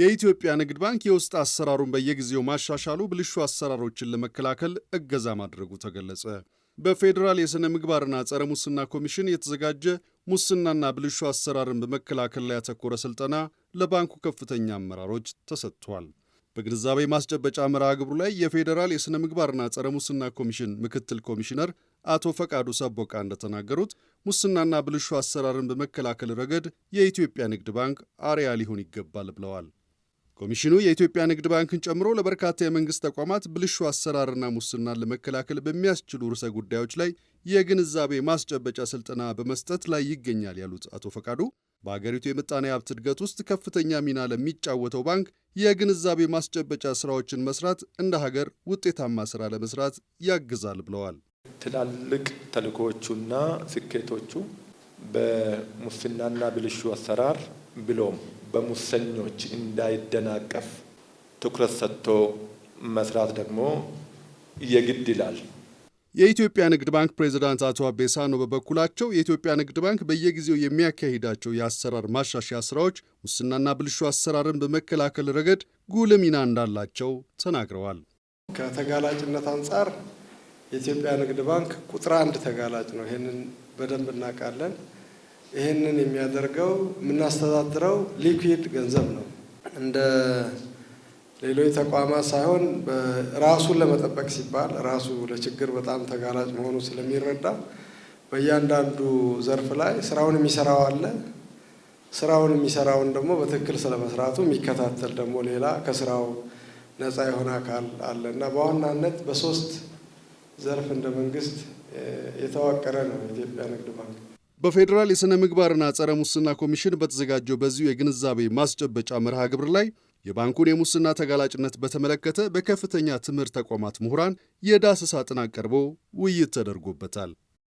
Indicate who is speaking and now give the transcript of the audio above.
Speaker 1: የኢትዮጵያ ንግድ ባንክ የውስጥ አሰራሩን በየጊዜው ማሻሻሉ ብልሹ አሰራሮችን ለመከላከል እገዛ ማድረጉ ተገለጸ። በፌዴራል የሥነ ምግባርና ጸረ ሙስና ኮሚሽን የተዘጋጀ ሙስናና ብልሹ አሰራርን በመከላከል ላይ ያተኮረ ሥልጠና ለባንኩ ከፍተኛ አመራሮች ተሰጥቷል። በግንዛቤ ማስጨበጫ መርሃ ግብሩ ላይ የፌዴራል የሥነ ምግባርና ጸረ ሙስና ኮሚሽን ምክትል ኮሚሽነር አቶ ፈቃዱ ሰቦቃ እንደተናገሩት ሙስናና ብልሹ አሰራርን በመከላከል ረገድ የኢትዮጵያ ንግድ ባንክ አሪያ ሊሆን ይገባል ብለዋል። ኮሚሽኑ የኢትዮጵያ ንግድ ባንክን ጨምሮ ለበርካታ የመንግሥት ተቋማት ብልሹ አሰራርና ሙስናን ለመከላከል በሚያስችሉ ርዕሰ ጉዳዮች ላይ የግንዛቤ ማስጨበጫ ስልጠና በመስጠት ላይ ይገኛል ያሉት አቶ ፈቃዱ በአገሪቱ የምጣኔ ሀብት እድገት ውስጥ ከፍተኛ ሚና ለሚጫወተው ባንክ የግንዛቤ ማስጨበጫ ስራዎችን መስራት እንደ ሀገር ውጤታማ ስራ ለመስራት ያግዛል ብለዋል።
Speaker 2: ትላልቅ ተልእኮዎቹና ስኬቶቹ በሙስናና ብልሹ አሰራር ብሎም በሙሰኞች እንዳይደናቀፍ ትኩረት ሰጥቶ መስራት ደግሞ የግድ ይላል።
Speaker 1: የኢትዮጵያ ንግድ ባንክ ፕሬዚዳንት አቶ አቤሳኖ በበኩላቸው የኢትዮጵያ ንግድ ባንክ በየጊዜው የሚያካሂዳቸው የአሰራር ማሻሻያ ስራዎች ሙስናና ብልሹ አሰራርን በመከላከል ረገድ ጉልህ ሚና እንዳላቸው ተናግረዋል።
Speaker 3: ከተጋላጭነት አንጻር የኢትዮጵያ ንግድ ባንክ ቁጥር አንድ ተጋላጭ ነው። ይህንን በደንብ እናውቃለን። ይህንን የሚያደርገው የምናስተዳድረው ሊኩዊድ ገንዘብ ነው። እንደ ሌሎች ተቋማት ሳይሆን ራሱን ለመጠበቅ ሲባል ራሱ ለችግር በጣም ተጋላጭ መሆኑ ስለሚረዳ በእያንዳንዱ ዘርፍ ላይ ስራውን የሚሰራው አለ። ስራውን የሚሰራውን ደግሞ በትክክል ስለመስራቱ የሚከታተል ደግሞ ሌላ ከስራው ነፃ የሆነ አካል አለ እና በዋናነት በሶስት ዘርፍ እንደ መንግስት የተዋቀረ ነው የኢትዮጵያ ንግድ ባንክ።
Speaker 1: በፌዴራል የሥነ ምግባርና ጸረ ሙስና ኮሚሽን በተዘጋጀው በዚሁ የግንዛቤ ማስጨበጫ መርሃ ግብር ላይ የባንኩን የሙስና ተጋላጭነት በተመለከተ በከፍተኛ ትምህርት ተቋማት ምሁራን የዳሰሳ ጥናት ቀርቦ ውይይት ተደርጎበታል።